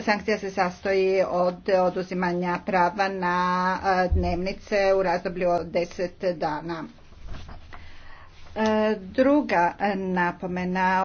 Sankcija se sastoji od oduzimanja prava na e, dnevnice u razdoblju od 10 dana. E, druga napomena